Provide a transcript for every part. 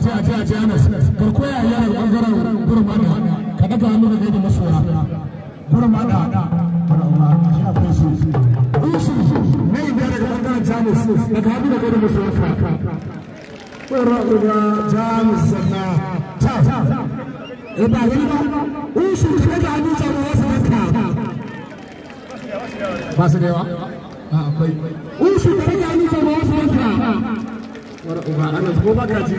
aje aje aje a'na garko ya yi bangaren ka daga hannu da gaida masoya su usu na yi daga bangaren jamus daga hannu da gaida masoya ka ƙwararruwa jamus ta eh, ba ba usu hannu jamus ba su da yawa akwai usu hannu jamus wani uba anas ko da jamus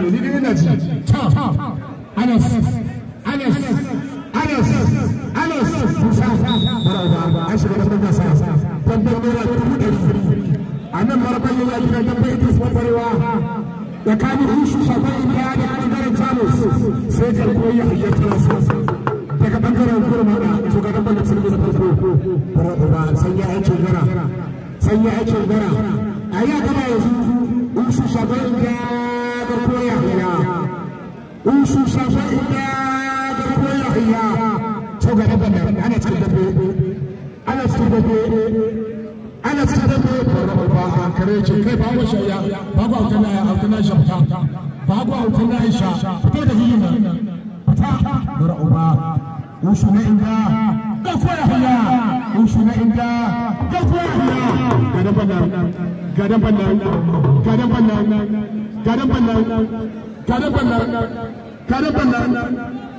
sanya aikin gara a yi gaba yanzu Ususah indah berkuliah ya. Ususah indah berkuliah ya. Coba benar, anak sudah bi, anak sudah bi, anak sudah bi. Berapa bahkan kerja, kerja bawa saya, bawa utena, utena jabta, bawa utena isha, betul dah hina. Berapa? Ususah indah. gadan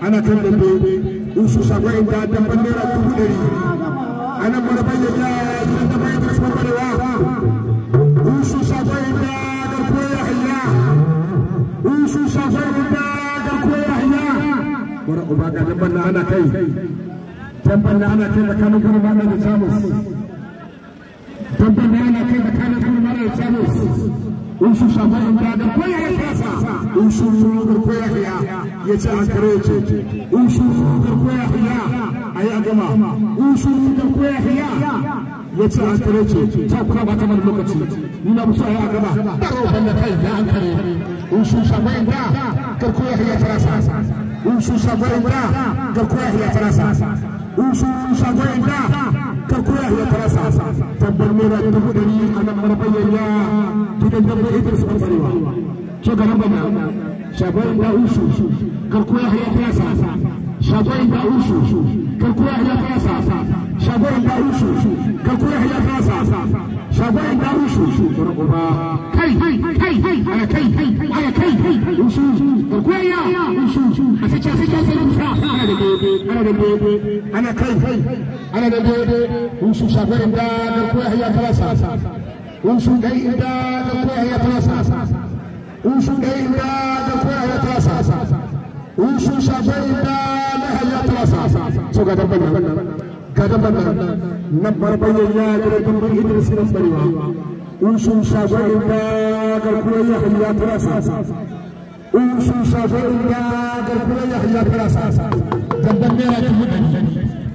ana kan dambe usu sako inda dabban naira dubu ɗari ana da bayyana kasar barewa usu sako inda garkuwa ya hanya usu sako ya hanya ana kai tabbar da ana kai tsakanin garba na da jamus tabbar da ana kai tsakanin garba na da jamus in shi shabarin da da koya ya kasa in shi rugar koya ya ya ce an kare ce in shi rugar koya ya a yi a gama in shi rugar koya ya ya ce an kare ce ta kuma ba ta mara lokaci ni na musu a yi a gaba baro banda kai ya an kare in su shagoyin da garkuwa ya tarasa in su shagoyin da garkuwa ya tarasa shagwayinta ta koya ya tarasa tabbar naira dubu ɗari a nan marfayyar ya gidan dabba idris ɓarɓarewa so ga nan ba shagwayinta ushu kar koya ya tarasa shagwayinta ushu kar koya ya tarasa shagwayinta ushu kar koya ya tarasa shagwayinta ushu kai kai kai kai kai kana dade usu shagorin da garkuwa hayya talasa usu dai inda garkuwa hayya talasa usu dai inda garkuwa hayya talasa usu shagorin da hayya talasa so ga dabban nan ga dabban nan nan barbaye ya gare dabban Idris nan barewa usu shagorin da garkuwa hayya talasa usu shagorin da garkuwa hayya talasa dabban ne ya tumu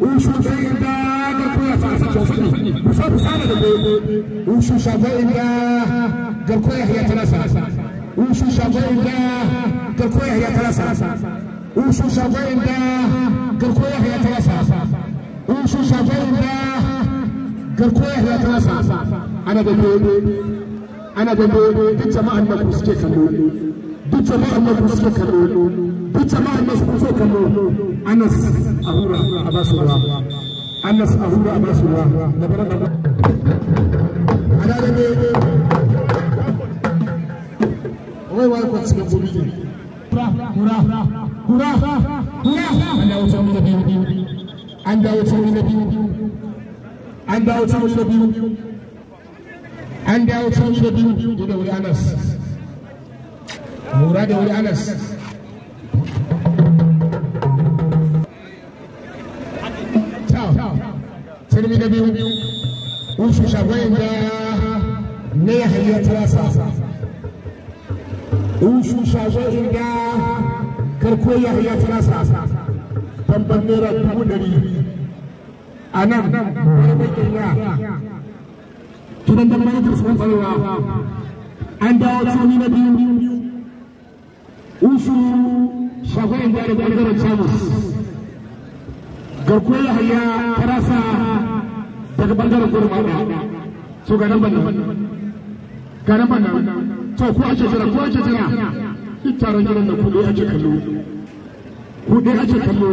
ushusha garkuwa farfa to fadi kusa kusa da gobe ushusha inda ya tana ya ya ya duk jama'an jama'an جماعة الناس كوسو كمو أنس أهورا أباس الله أنس أهورا أباس الله نبرة نبرة أنا لبي وين وين كنت سكبوني هورا هورا هورا هورا أنا أوتوني نبي أنا أوتوني نبي أنا أوتوني نبي أنا أوتوني نبي إذا ولي أنس هورا ده ولي أنس turmi na biyu ushu shagwayin ya ne ya hayyar ushu shagwayin da karko ya hayyar tarasa tambar naira dubu dari a nan wani bakin ya kiran da mai tursuwan tsarewa an dawo turmi na biyu ushu shagwayin da da ɓangaren jamus garkuwar ya hayyar tarasa daga bangaren gurin maɗa so ga nan bannan ga nan bannan to ko ake jira ko ake jira duk taron gidan da kuɗi ake kallo kuɗi ake kallo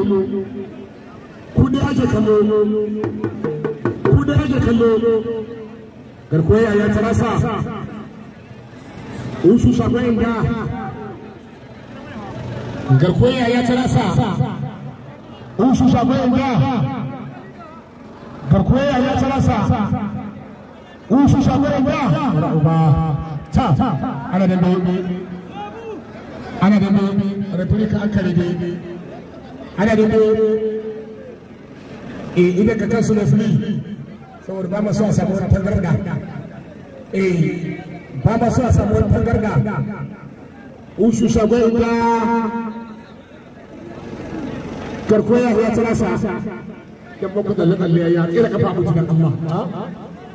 kuɗi ake kallo kuɗi ake kallo garkuwa yaya su sa shagoyin da garkuwa yaya su sa shagoyin da waya ya tsarasa ushu shagoran ba ra'uba ta ana dambe ana ka ana dambe eh idan ka kansu na fili saboda ba masu a samu wani tangarda eh, yan muku tsalle tsalle ya tsira mutu dan Allah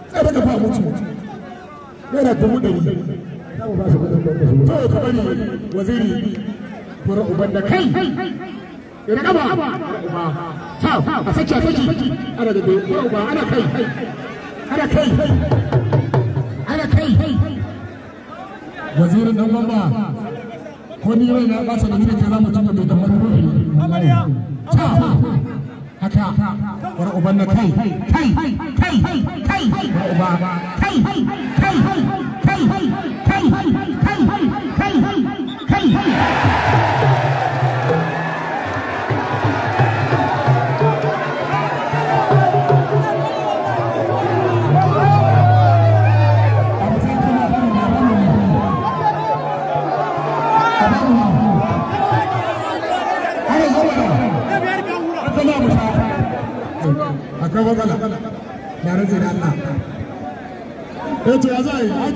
tsira mutu yana dubu dari to ka bari waziri kura da kai ina kaba ta a saki a saki ana da kura uba ana kai ana kai ana kai wazirin dan bamba ko ni rai na da ni da ke za tabbata da haka wani uban na kai kai kai kai kai kai kai kai kai kai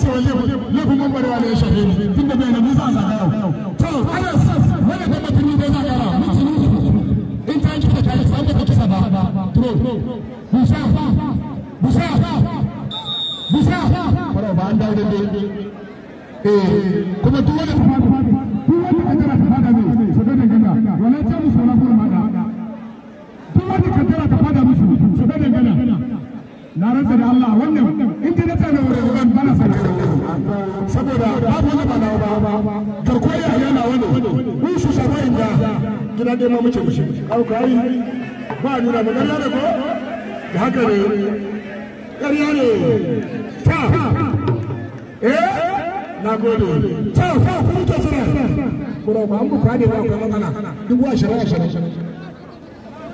cewa laifin gwagwarwa da y shafe ni tun da bai m za zagara to anas wani da mutum ne zai a g a r a m t u in ta kisa ta kisa an ta kisa ba to busa busa busa ba an dawo da eh tsakaninsa da Allah wannan bana saboda babu wani ba ba garkuwar yaya na wani su dai ma muke mushi au kai ba ko da haka ne ƙarya ne ta eh na gode ta ta ta kuma ba mu kwade ba duk wa shara shara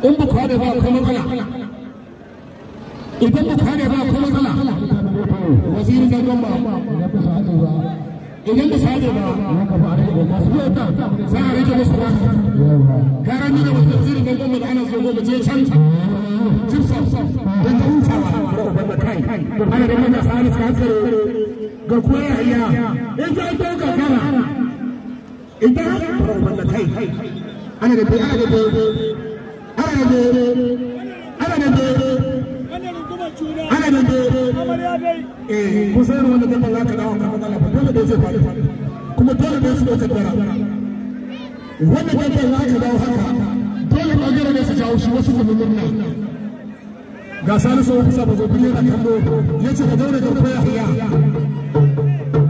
in bu kwade ba idan ku kare ba ko matsala wasiri da gomba idan da sade ba masu yauta za a rage musu ba ni da wasu wasiri da gomba da ana zo goma je can jibsa don ta hutawa ko ana da mata sa'ani su hankali ga kuwa ya iya in za a ɗauka gara idan ana da bai ana da eh kusa wanda za ka dawo ka dole zai kuma dole su dara wanda za ka dawo haka dole ne su jawo shi wasu kuma murna ga zo kallo ka daure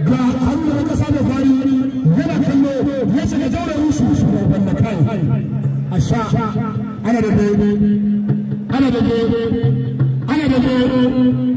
ga hannu bari yana kallo ya ka daure rusu wanda kai ana da bebe ana da bebe ana da bebe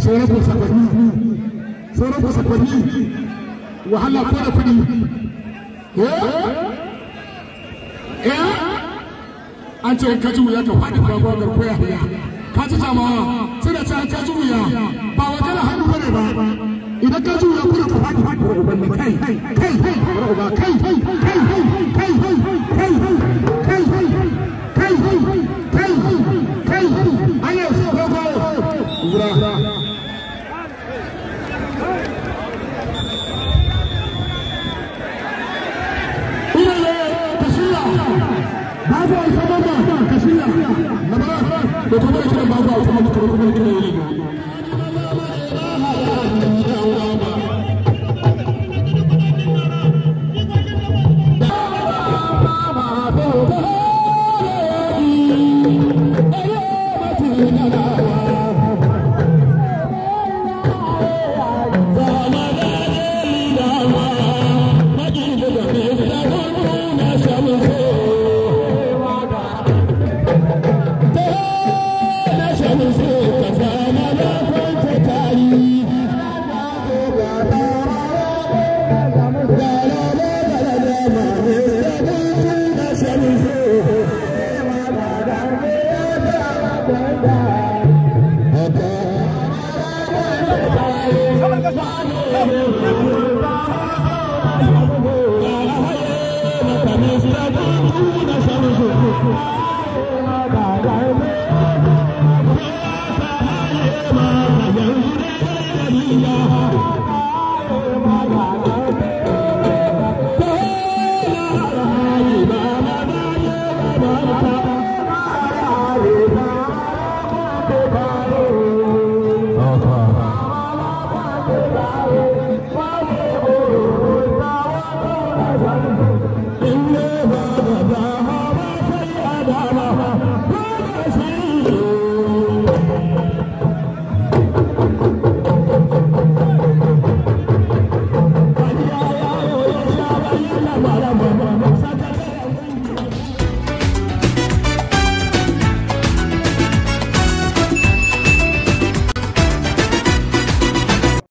Sai na kusa sauran kusurkwanni wahala ko da kuɗi eh an ce ka wuya ka faɗi ba ba ya ka ji jama'a sai da ce an wuya ba wajen hannu bane ba idan ka wuya kuma ka faɗi faɗi ba kai, kai kai kai kai kai kai kai kai kai kai kai kai Thank you.